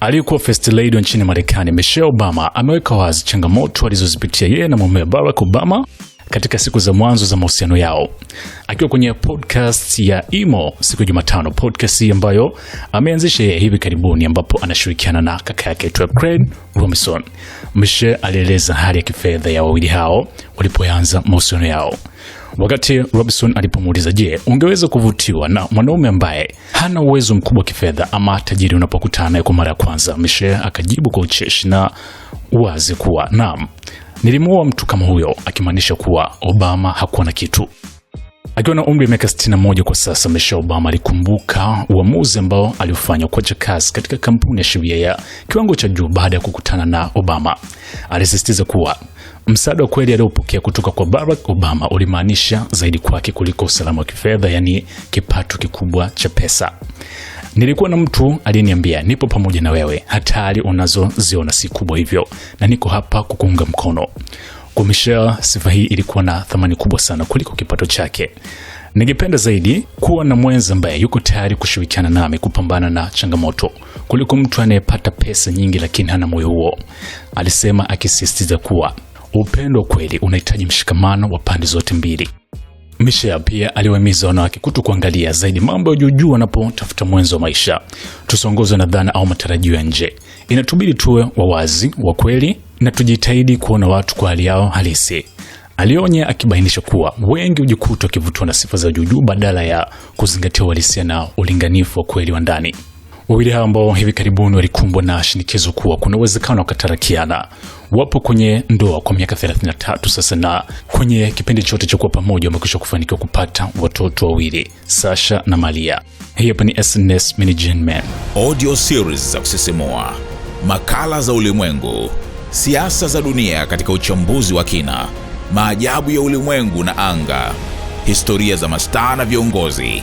Aliyekuwa first lady nchini Marekani Michelle Obama ameweka wazi changamoto alizozipitia yeye na mumewe Barack Obama katika siku za mwanzo za mahusiano yao, akiwa kwenye podcast ya Imo siku ya Jumatano, podcast ambayo ameanzisha yeye hivi karibuni, ambapo anashirikiana na kaka yake Craig Robinson. Mshe alieleza hali ya kifedha ya wawili hao walipoanza mahusiano yao, wakati Robinson alipomuuliza, je, ungeweza kuvutiwa na mwanaume ambaye hana uwezo mkubwa wa kifedha ama tajiri unapokutana kwa mara ya kwanza? Mshe akajibu kwa ucheshi na wazi kuwa naam, Nilimuoa mtu kama huyo, akimaanisha kuwa Obama hakuwa na kitu. Akiwa na umri wa miaka 61 kwa sasa, Michelle Obama alikumbuka uamuzi ambao aliofanya kwa Jackass katika kampuni ya sheria ya kiwango cha juu baada ya kukutana na Obama. Alisisitiza kuwa msaada wa kweli aliopokea kutoka kwa Barack Obama ulimaanisha zaidi kwake kuliko usalama wa kifedha, yaani kipato kikubwa cha pesa. Nilikuwa na mtu aliyeniambia nipo pamoja na wewe, hatari unazoziona si kubwa hivyo, na niko hapa kukuunga mkono. Kwa Michelle, sifa hii ilikuwa na thamani kubwa sana kuliko kipato chake. Ningependa zaidi kuwa na mwenza ambaye yuko tayari kushirikiana nami kupambana na changamoto kuliko mtu anayepata pesa nyingi lakini hana moyo huo, alisema akisisitiza kuwa upendo wa kweli unahitaji mshikamano wa pande zote mbili. Michel pia aliwahimiza wanawake kuto kuangalia zaidi mambo ya juujuu wanapotafuta mwenzo wa maisha. Tusiongozwe na dhana au matarajio ya nje, inatubidi tuwe wawazi, wa kweli na tujitahidi kuona watu kwa hali yao halisi, alionya, akibainisha kuwa wengi hujikuta wakivutiwa na sifa za juujuu badala ya kuzingatia uhalisia na ulinganifu wa kweli wa ndani. Wawili ambao hivi karibuni walikumbwa na shinikizo kuwa kuna uwezekano wa kutarakiana wapo kwenye ndoa kwa miaka 33 sasa, na kwenye kipindi chote cha kuwa pamoja wamekwisha kufanikiwa kupata watoto wawili, Sasha na Malia. Hii hapa ni SNS Management, audio series za kusisimua, makala za ulimwengu, siasa za dunia katika uchambuzi wa kina, maajabu ya ulimwengu na anga, historia za mastaa na viongozi